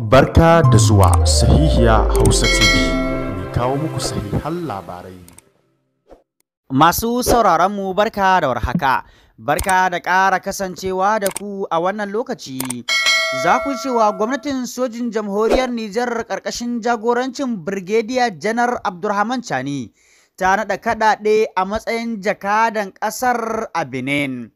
Barka da zuwa sahihiya Hausa TV, mai kawo muku sahihan labarai. Masu sauraronmu barka da warhaka, barka da ƙara kasancewa da ku a wannan lokaci. Za ku cewa gwamnatin sojin jamhuriyar Nijar ƙarƙashin jagorancin Birgediya Janar Abdurrahman Chani ta naɗa kaɗaɗe a matsayin jakadan ƙasar a Benin.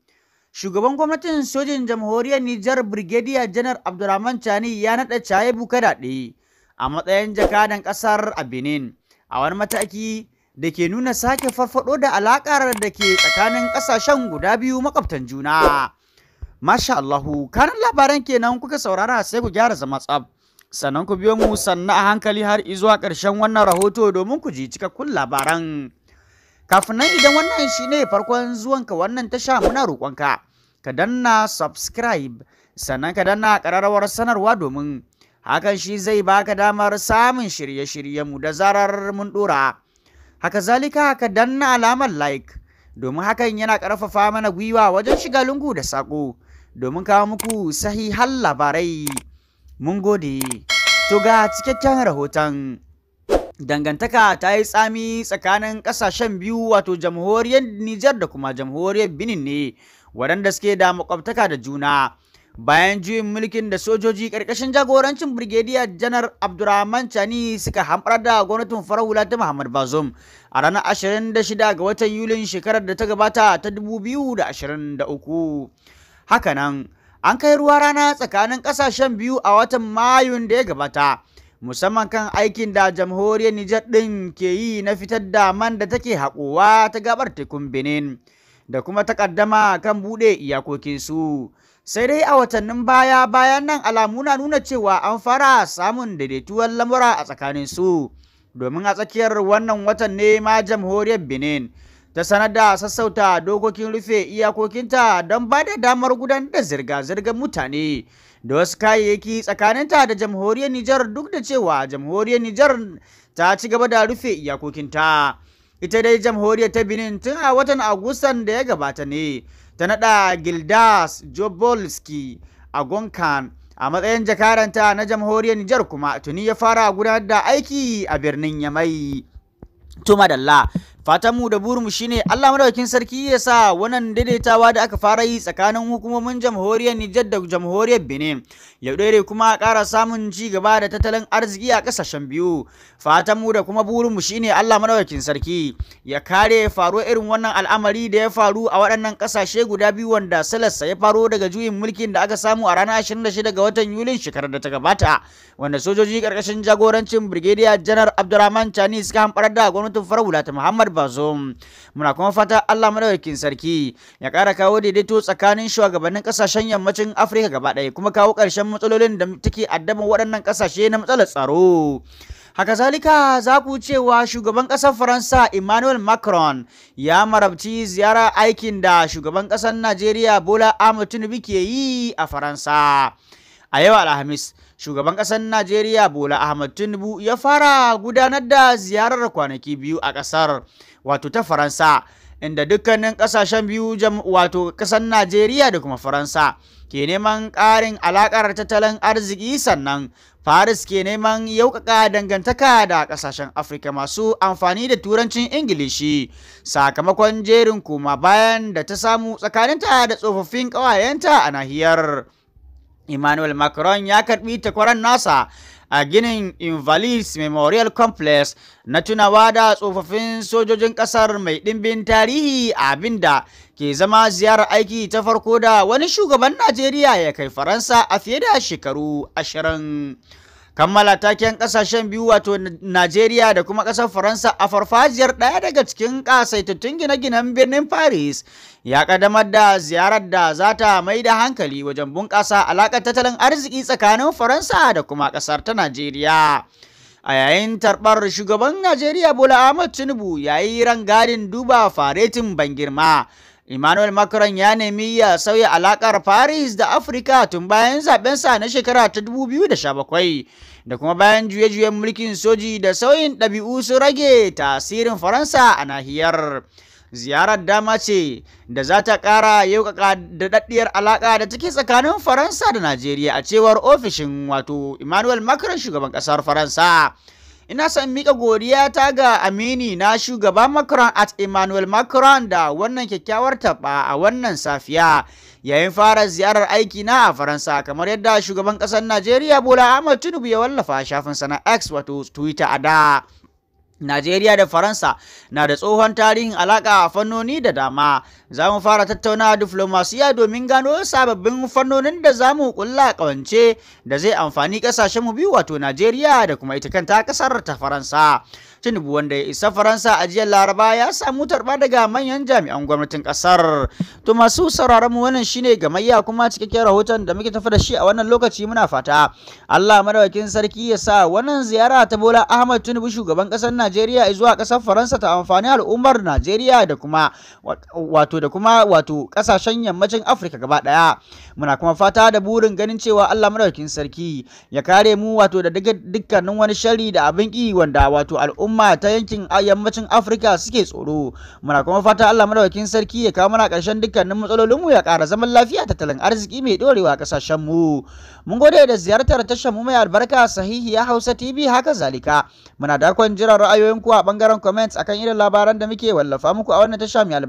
shugaban gwamnatin sojin jamhuriyar Nijar Brigadier Janar Abdulrahman Chani ya naɗa Chaye Bukadaɗe a matsayin jakadan ƙasar a Benin a wani mataki da ke nuna sake farfado da alaƙar da ke tsakanin ƙasashen guda biyu makwabtan juna. Masha Allahu, kanan labaran kenan kuka saurara sai ku gyara zama tsab. Sannan ku biyo mu sannan a hankali har izuwa ƙarshen wannan rahoto domin ku ji cikakkun labaran. Kafin nan idan wannan shi ne farkon zuwanka wannan tasha muna roƙonka ka danna subscribe sannan ka danna ƙararrawar sanarwa domin hakan shi zai baka damar samun shirye-shiryenmu da zarar mun ɗora. Haka zalika ka danna alamar like domin hakan yana ƙarfafa mana gwiwa wajen shiga lungu da saƙo domin kawo muku sahihan labarai. Mun gode. To ga cikakken rahoton. dangantaka ta yi tsami tsakanin kasashen biyu wato jamhuriyar Nijar da kuma jamhuriyar Benin ne waɗanda suke da makwabtaka da juna bayan juyin mulkin da sojoji ƙarƙashin jagorancin Brigadier janar Abdurrahman Chani suka hamɓar da gwamnatin farar hula ta Muhammad Bazoum a ranar 26 ga watan Yulin shekarar da ta gabata ta 2023 hakanan an kai ruwa rana tsakanin ƙasashen biyu a watan Mayun da ya gabata musamman kan aikin da jamhuriyar Nijar ɗin ke yi na fitar da man da take haƙowa ta gabar tekun Benin da kuma takaddama kan buɗe iyakokinsu. Sai dai a watannin baya bayan nan alamu na nuna cewa an fara samun daidaituwar lamura a tsakaninsu domin a tsakiyar wannan watan ne ma jamhuriyar Benin. ta sanar da sassauta dokokin rufe iyakokinta don ba da damar gudanar da zirga-zirgar mutane da wasu kayayyaki tsakaninta da jamhuriyar Nijar duk da cewa jamhuriyar Nijar ta ci gaba da rufe iyakokinta. Ita dai jamhuriyar ta Benin tun a watan Agustan da ya gabata ne ta naɗa Gildas Jobolski a Gonkan a matsayin jakaranta na jamhuriyar Nijar kuma tuni ya fara gudanar da aiki a birnin Yamai. tumadalla Fatan da burinmu shine Allah madaukakin sarki ya sa wannan daidaitawa da aka fara yi tsakanin hukumomin jamhuriyar Nijar da jamhuriyar Benin ya daure kuma a ƙara samun ci gaba da tattalin arziki a ƙasashen biyu. fatanmu da kuma burinmu shine Allah madaukakin sarki ya kare faruwar irin wannan al'amari da ya faru a waɗannan ƙasashe guda biyu wanda salarsa ya faro daga juyin mulkin da aka samu a ranar 26 ga watan Yulin shekarar da ta gabata wanda sojoji ƙarƙashin jagorancin Brigadier general abdulrahman Chani suka hamɓarar da gwamnatin farar hula ta Muhammad bazom Muna kuma fata Allah madaukakin sarki ya ƙara kawo daidaito tsakanin shugabannin kasashen yammacin Afirka gaba ɗaya kuma kawo ƙarshen matsalolin da take addaban waɗannan ƙasashe na matsalar tsaro. Haka zalika za ku cewa shugaban ƙasar Faransa Emmanuel Macron ya marabci ziyara aikin da shugaban ƙasar Najeriya Bola Ahmed Tinubu ke yi a Faransa. A yau Alhamis, shugaban ƙasar Najeriya Bola Ahmad Tinubu ya fara gudanar da ziyarar kwanaki biyu a ƙasar wato ta Faransa inda dukkanin ƙasashen biyu wato ƙasar Najeriya da kuma Faransa ke neman ƙarin alaƙar tattalin arziki sannan Paris ke neman yaukaka dangantaka da ƙasashen Afirka masu amfani da turancin Ingilishi sakamakon jerin koma bayan da ta samu tsakaninta da tsofaffin ƙawayenta a nahiyar. Emmanuel Macron ya karbi takwaran nasa a ginin Invalids Memorial Complex na tunawa da tsofaffin sojojin kasar mai ɗimbin tarihi abinda ke zama ziyarar aiki ta farko da wani shugaban Najeriya ya kai Faransa a fiye da shekaru ashirin. kammala taken kasashen biyu wato Najeriya da kuma kasar Faransa a farfajiyar ɗaya daga cikin kasaitattun gine-ginen birnin Paris ya ƙaddamar da ziyarar da za ta mai da hankali wajen bunƙasa alaƙar tattalin arziki tsakanin Faransa da kuma ƙasar ta Najeriya. A yayin tarbar shugaban Najeriya Bola Ahmed Tinubu ya yi rangadin duba faretin ban girma Emmanuel Macron ya nemi ya sauya alakar Paris da Afirka tun bayan sa na shekara ta 2017 da kuma bayan juye-juyen mulkin soji da sauyin ɗabi'u su rage tasirin Faransa a nahiyar. ziyarar dama ce da za ta ƙara yaukaka da daɗiyar alaƙa da take tsakanin faransa da najeriya a cewar ofishin wato emmanuel macron shugaban ƙasar faransa ina son mika godiya ta ga amini na shugaba macron at emmanuel macron da wannan kyakkyawar taba a wannan safiya yayin fara ziyarar aiki na a faransa kamar yadda shugaban ƙasar najeriya bola ahmad tinubu ya wallafa shafin sana x wato twitter a da Najeriya da Faransa na da tsohon tarihin alaka a fannoni da dama. Za mu fara tattauna diflomasiya domin gano sababbin fannonin da za mu ƙulla ƙawance da zai amfani mu biyu wato Najeriya da kuma ita kanta ƙasar ta Faransa. Tinubu wanda ya isa Faransa a jiya Laraba ya samu tarba daga manyan jami'an gwamnatin kasar To masu sauraron mu wannan shine gamayya kuma cikakken rahoton da muke tafi da shi a wannan lokaci muna fata. Allah madawakin sarki ya sa wannan ziyara ta Bola Ahmad Tinubu shugaban kasar Najeriya Najeriya zuwa ƙasar Faransa ta amfani al'ummar Najeriya da kuma wato da kuma wato ƙasashen yammacin Afirka gaba ɗaya. Muna kuma fata da burin ganin cewa Allah madaukakin sarki ya kare mu wato da dukkanin wani shari da abin ki wanda wato al'umma ta yankin yammacin Afirka suke tsoro. Muna kuma fata Allah madaukakin sarki ya kawo mana ƙarshen dukkanin matsalolin mu ya ƙara zaman lafiya tattalin arziki mai ɗorewa ƙasashen mu. Mun gode da ziyartar tashar mu mai albarka sahihi ya Hausa TV haka zalika. Muna da dakon jiran ra'ayoyinku a bangaren comments akan irin labaran da muke wallafa muku a wannan tasha mai